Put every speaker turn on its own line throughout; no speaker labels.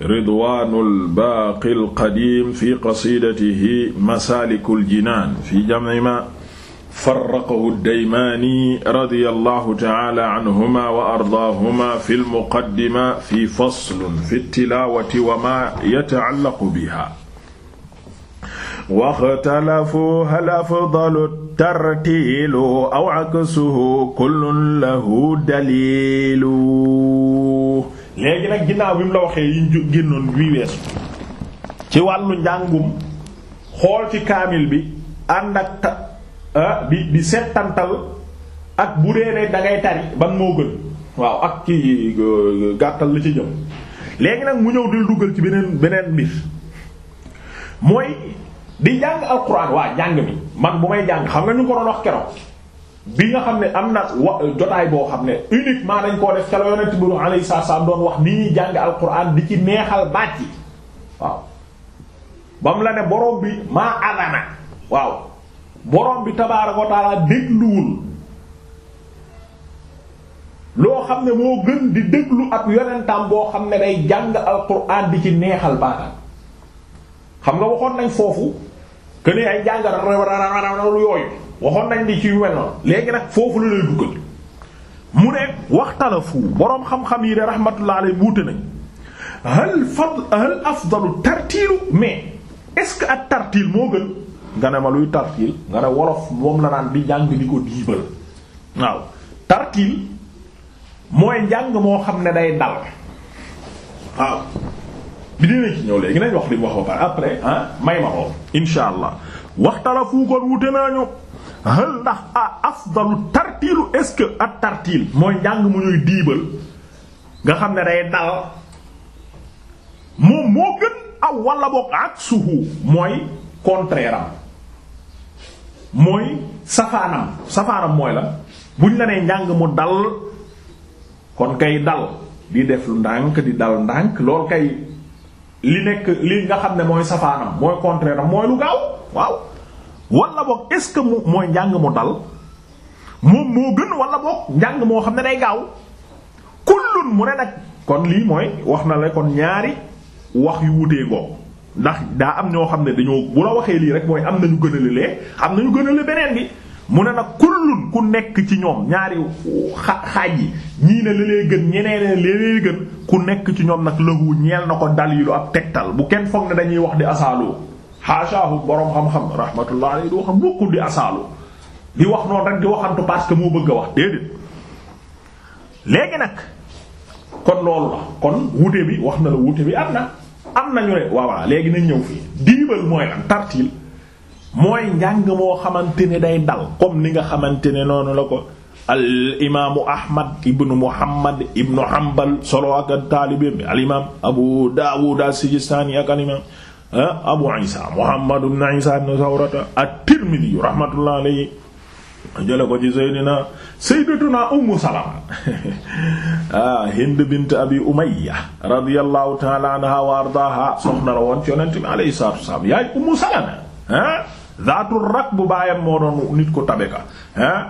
ridwaanul baaqil qadiim fi qasiidatihi masaalikul jinaan fi jamci maa farraqahu daymaani radiyallahu ta'aala anhumaa wa ardaahumaa fil muqaddima fi faslun fi tilaawati wa maa yata'allaqu bihaa. waxtalafu hal afdalu tartiilu aw aksuhu kullun lahu daliilu. léegi nag ginnaaw bi mu la waxee yiñ ju génnoon wi weesu ci wàllu njàngum xool ci kaamil bi ànd ak ta ah, di di settantal ak bu dee ne da ngay tari ban moo gën waaw ak ki gàttal la ci jëm léegi nag mu ñëw dil duggal ci beneen beneen mbir mooy di jàng alxuraan waa jàng mi man bu may jàng xam nga ñu ko doon keroog. bi nga xam ne am na wa jotaay boo xam ne uniquement dañ koo def ca la yonent bi alayhi salaam doon wax ni ñuy jàng alquran di ci neexal baat yi waaw bi waaw borom bi tabaaraka wa taala xam ne moo di déglu ab yonentam boo xam ne day jàng alquran di ci neexal baatam xam nga waxoon nañ foofu que ne ay jàng lu yooyu. waxoon nañ ni ci yu léegi nag foofu la lay duggal mu ne waxtalafu boroom xam-xam yi de rahmatullah alayhi nañ hal fadl hal afdalu tartiilu mais est-ce que ak tartiil moo gën nga ne ma luy tartiil nga ne wolof moom la naan di jàng di ko diibal waaw tartiil mooy njàng moo xam ne day dal waaw bi dinañ ci ñëw léegi nañ wax li mu wax ba pare après ah may ma xool insha allah waxtalafu kon wuute nañu hal ndax a afdalu tartiilu est-ce que at tartiil mooy njàng mu ñuy diibal nga xam ne day dal moom moo gën aw wala boog ak suhu mooy contraire mooy safaanam safaanam mooy la buñ la nee njàng mu dal kon kay dal di def lu ndànk di dal ndànk lool kay li nekk li nga xam ne mooy safaanam mooy contraire am mooy lu gaaw waaw wala boog est-ce que mu mooy njàng mu dal moom moo gën walla boog njàng moo xam ne day gaaw kullun mu ne nag kon lii mooy wax na la kon ñaari wax yu wutee goog ndax daa am ñoo xam ne dañoo bu la waxee lii rek mooy am nañu gën a lelee am nañu gën a le beneen bi mu ne nag kullun ku nekk ci ñoom ñaari xa xaaj yi ñii ne lelee gën ñeneen lelee gën ku nekk ci ñoom nag lëgu ñeel na ko dal dalilu ab tegtal bu kenn foog na dañuy wax di asaaloo xaasaahu borom xam-xam rahmatullah alayhi di wax mukk di asaalu di wax noonu rek di waxantu parce que moo bëgg a wax déedéet léegi nag kon loolu la kon wute bi wax na la wute bi am na am nañu ne waaw léegi nañ ñëw fii diibal mooy lan tartiil mooy njàng moo xamante ne day dal comme ni nga xamante ne noonu la ko al imaamu ahmad ibnu muhammad ibnu hanbal solo ak taalibeem bi al imaam abu daawud as-sijistani ak al imaam abu isa muhammad ibn isa ibn sawrata at-tirmidhi rahmatullahi alayhi jële ko ci saydina sayyidatuna ummu salama ah hind bint abi umayya radiyallahu ta'ala anha wa ardaha soxna la woon ci yonent bi alayhi salatu wassalam yaay ummu salama ah zaatu rakb bu baayam moo doon nit ko tabeka ah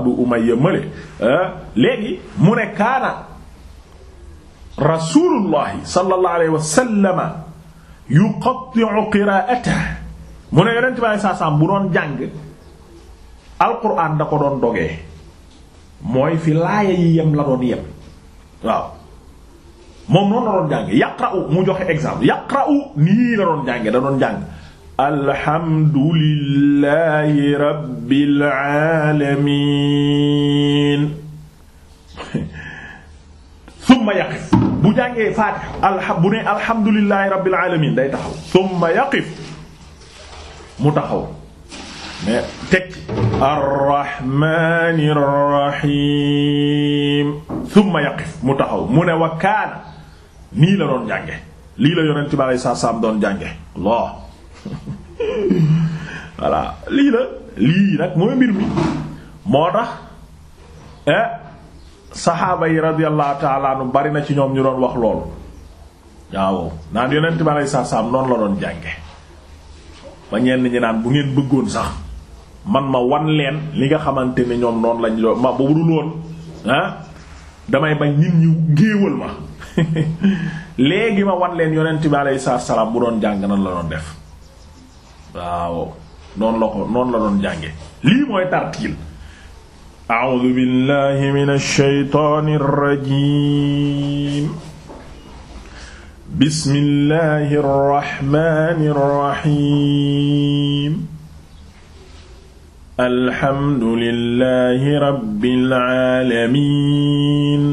abu umayya male léegi mu ne kaana rasulullahi sallallahu alayhi wa sallam yuqatti'u qira'atahu mu ne yonent bi saa saam bu doon jàng alquran da ko doon dogee mooy fi laaya yi yem la doon yem waaw moom noonu la doon jàng yaqra'u mu joxe exemple yaqra'u nii la doon jànge da doon jàng alhamdulillahi rabbil yaqif bu jàngee faatiha alha bu rabbil alamin day taxaw thumma yaqif mu taxaw mais teg ci arrahmani rahim mu taxaw mu ne wa kaana nii la doon jànge lii la yonent bi alei saatu salaam doon jànge Allah voilà lii la lii nag mooy mbir mi moo tax saxaaba yi radiyallahu ta'ala anhu bari na ci ñoom ñu doon wax loolu waaw naan yonent bi aleyhi salaam noonu la doon jànge ba ñenn ñi naan bu ngeen bëggoon sax man ma wan leen li nga xamante ne ñoom noonu lañ doon ma bu dul woon ah damay bañ nit ñu géewal ma léegi ma wan leen yonent bi aleyhi salaatu salaam bu doon jàng nan la doon def waaw noonu la ko noonu la doon jànge lii mooy tartiil A'uuzu billaahi mina shaytaani rajiim. Bismillaahi rahmaani rahiim. Alhamdu lillaahi rabbil aalamiin.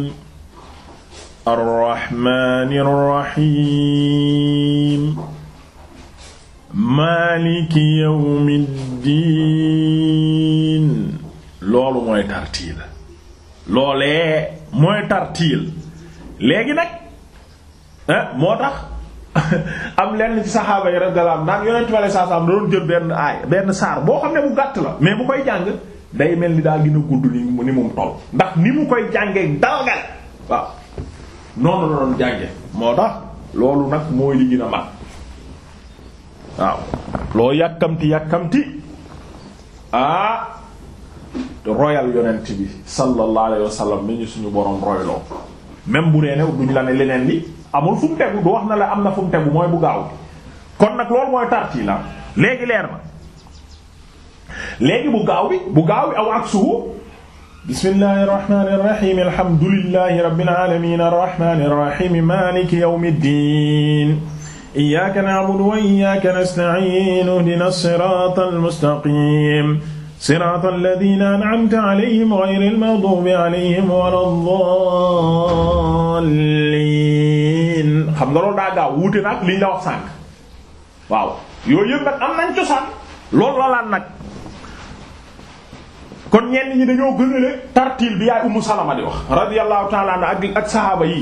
Arrahmaani rahiim. Maaliki yawmid diin. loolu mooy tartiil loolee mooy tartiil léegi nag eh, moo tax am lenn ci saxaaba yi radiyallahu anhum naan yonent bi sallallahu alayhi wasallam doon jël benn aay benn saar boo xam ne bu gàtt la mais bu koy jàng day mel ni daa gën gudd ni mu ni mu toll ndax ni mu koy jàngee dalgal waaw noonu la jànge moo tax loolu nag mooy li gën a waaw loo yàkkamti yàkkamti ah royal yonent bi sallallahu alayhi wa sallam ni ñu suñu borom royloo même bu nee ne duñ la ne leneen li amul fu mu tegu du wax na la am na fu mu tegu mooy bu gaaw kon nag loolu mooy tarti la léegi leer na léegi bu gaaw bi bu gaaw bi aw ak suuf bismillahi irrahmani irrahim alhamdulillahi rabbil alamin arrahmani irrahim maliki yawmiddin iyyaka na'budu wa iyyaka nasta'in ihdina as-siratal mustaqim siraata alladina an'amta alayhim ghayril maghdubi alayhim waladdallin xam nga loolu daa gaaw wuute nag liñ la wax sànq waaw yooyu yëpp nag am nañ cosaan loolu la laan nag kon ñenn ñi dañoo gënale tartil bi yaay Ummu Salama di wax radiyallahu ta'ala anha ak ak sahaaba yi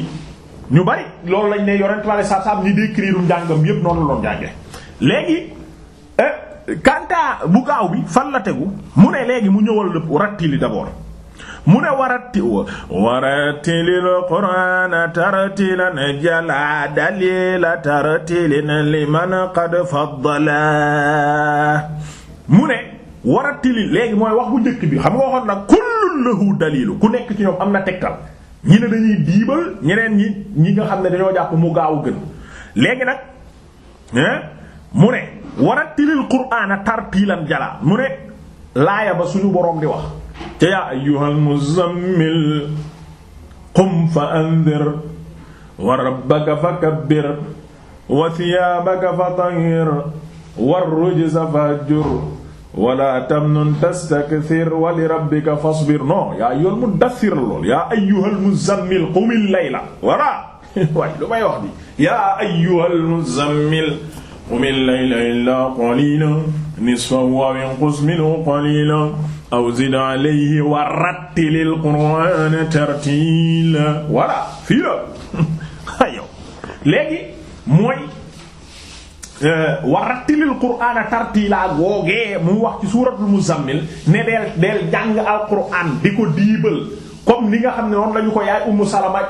ñu bari loolu lañ ne yorent wala saab-saab ñi décriirum njàngam yëpp noonu la doon jànge léegi eh, kanta bu gaaw bi fan la tegu mu ne léegi mu ñëwal lëpp rattili d'abord mu ne waratti warattilil qur'ana tartilan jala dalila tartilin liman qad faddala mu ne warattili léegi mooy wax bu njëkk bi xam nga waxoon nag kullun lahu dalilu ku nekk ci ñoom am na tegtal ñi ne dañuy diibal ñeneen ñi ñi nga xam ne dañoo jàpp mu gaaw gën léegi nag mu ne warattilil qur'aana tartiilan jalaa mu ne laaya ba suñu boroom di wax ca yaa ayyuhal muzammil qum fa anzir wa rabbaka fakabbir wa thiyaabaka fatahhir war rujza fahjur wala tamnun tastakthir wa li rabbika fasbir non yaa ayyuhal muddaththir lool yaa ayyuhal muzammil qumil layla wala waay lu may wax bi yaa ayyuhal muzammil qum al-layla illaa qaliilan nisfahu aw inqus minhu qaliilan aw zid alayhi wa rattilil qur'aana tartiila voilà fii la ayow léegi mooy wa rattilil qur'aana tartiila googee mu wax ci suuratul Muzammil ne deel deel jàng alqur'aan di ko diibal comme ni nga xam ne noonu lañu ko yaay Ummu Salama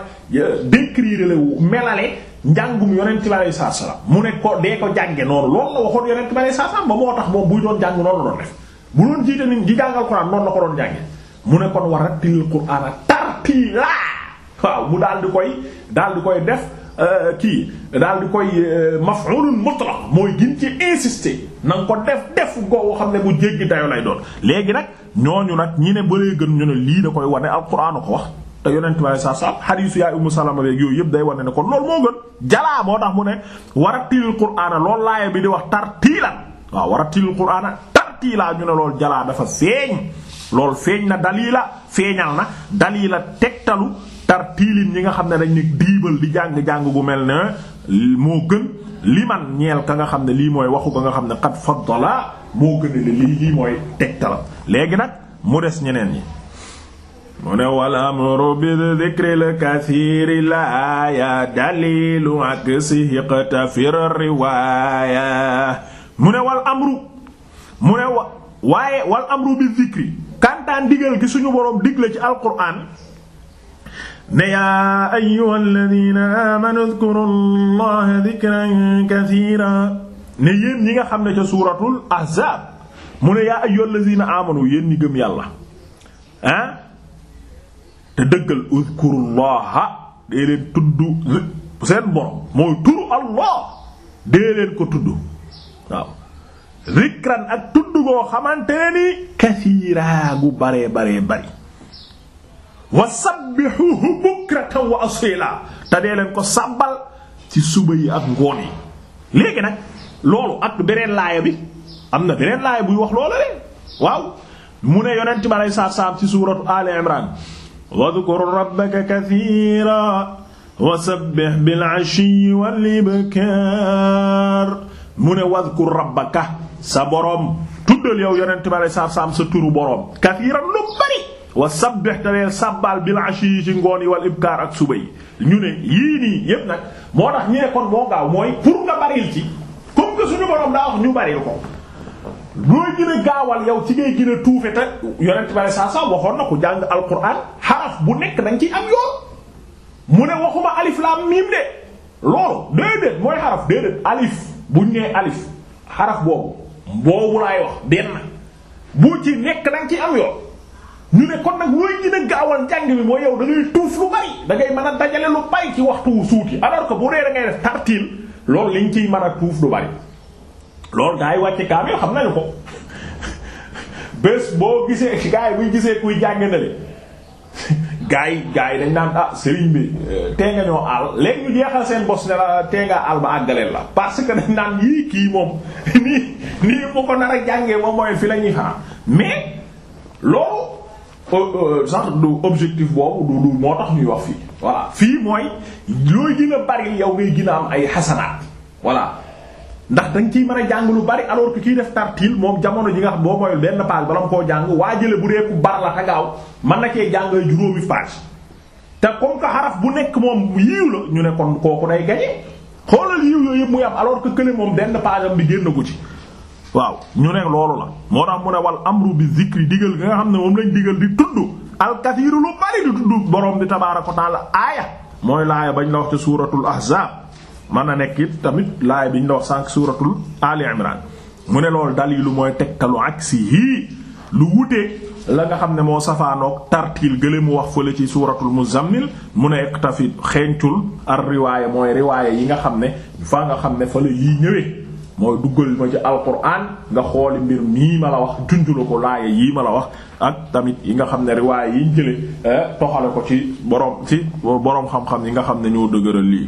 décrire la melale njàngum yonent bi aleyhi salaatu salaam mu ne ko dee ko jànge noonu loolu la waxoon yonent a aleyhi salaatu salaam ba moo tax moom buy doon jàng noonu la doon def bu doon jiite nit di jàngal Alxuraan noonu la ko doon jànge mu ne a mu daal di koy daal di koy def euh, kii daal di koy euh, maf'ulun mutlaq mooy gin ci insister na ko def def goo xam ne bu jéggi dayo lay doon léegi nag ñooñu nag ñi ne bëree gën ñu ne lii da koy wane Alxuraan ko wax te yonent bi aleyhi salaatu salaam hadiisu yaay Ummu yooyu yëpp day wane ne kon loolu moo gën. jalaa moo tax mu ne war a tiilul qur'aana loolu laaya bi di wax tartiilan waaw war a tiilul qur'aana tartiilaa ñu ne loolu jalaa dafa feeñ loolu feeñ na daliila feeñal na daliila tegtalu tartiilin ñi nga xam ne dañ ne diibal di jàng-jàng gu mel na moo gën li man ñeel ka nga xam ne lii mooy waxu ka nga xam ne qad faddala moo gën a lii lii mooy tegtalam léegi nag mu des ñeneen yi mu ne wal amru bi dhikril kathiri laaya dalilu ak si iqtafir riwaaya mu ne wal amru mu ne wa waaye wal amru bi dhikri kantaan digal gi suñu boroom digle ci alquran ne yaa ayyuhal ladina amanu dhkuru allaha dhikran kathira ne yéen ñi nga xam ne ca suuratul ahzaab mu ne yaa ayyuhal ladina amanu yéen ñi gëm yàlla ah te dëggal uzkurullaha dee leen tudd seen borom mooy turu allah dee leen ko tudd waaw zikran ak tudd goo xamante ni kasiiraa gu bare bare bari wa sabbihuhu bukratan wa asila te dee leen ko sàbbal ci suba yi ak ngoon yi léegi nag loolu ak beneen laaya bi am na beneen laaya buy wax loolu le waaw mu ne yonent bi aleyhi salaatu ci suuratu Ali Imran wadkur rabbaka kathiira wa sabbih bil ashiyyi wal ibkaar mu ne wadkur rabbaka sa boroom tuddal yow yonent bi alayhi salaam sa turu boroom kathiiran lu bari wa sabbih te leen sàbbaal bil ashiyyi ci ngoon yi wal ibkaar ak suba yi ñu ne yii nii yépp nag moo tax ñu ne kon moo gaaw mooy pour nga baril ci comme que suñu boroom daa wax ñu baril ko looy gën a gaawal yow ci ngay gën a tuufe te yonent bale saa saa waxoon na ku jàng alquran xaraf bu nekk danga ciy am yoon mu ne waxuma alif laam miim de loolu déedéet mooy xaraf déedéet alif buñ nee alif xaraf boobu boobu laay wax benn bu ci nekk danga ci am yoon ñu ne kon nag looy gën a gaawal njàng bi mooy yow da ngay tuuf lu bari da ngay mën a dajale lu bari ci waxtu suuti alors que bu dee da def tartil loolu liñ ciy man a tuuf lu bari loolu gaa yi wàcce kaamil xam nañu ko bés boo gisee gaa yi buñ gisee kuy jàng na le gaa yi gaa yi dañ naan ah sëriñ bi euh, tee nga ñoo àll léegi ñu jeexal seen bos ne la euh, tee nga àll ba àggaleel la parce que dañ naan yii kii moom nii nii mu ko nar a jàngee moom mooy fi la ñuy xaar mais loolu sax euh, du objectif boobu du du moo tax ñuy wax fii voilà fii mooy looy gën a bari yow ngay gën a am ay xasanaat voilà ndax danga ciy mën a jàng lu bari alors que kiy def tartil moom jamono ji nga xam boo moyul benn page bala nga koo jàng waa jële bu reeku bar la tagaaw mën na cee jàng juróomi page te comme que xaraf bu nekk moom yiiw la ñu ne kon kooku day gañe xoolal yiw yooyu yëpp muy am alors que kële moom benn page am bi génn ko ci waaw ñu ne loolu la moo tax mu ne wal amru bi zikri digal nga xam ne moom lañ digal di tudd alkasiiru lu bari di tudd borom bi tabaaraka wa taala aaya bañ la suuratul ahzaab mën na nekk it tamit laay bi ñu la wax sànq suuratul Ali Imran mu ne loolu lu mooy tegtalu si hii lu wute la nga xam ne moo safaanoog tartil gële mu wax fële ci suuratul muzammil mu ne iktafit xeeñcul ar riwaaya mooy riwaaya yi nga xam ne faa nga xam ne fële yii ñëwee mooy duggal ma ci alquran nga xooli mbir mii ma la wax junjula ko laaya yii ma la wax ak tamit yi nga xam ne riwaaya yi jële eh, toxale ko ci boroom ci boroom xam-xam yi nga xam ne ñoo dëgëral lii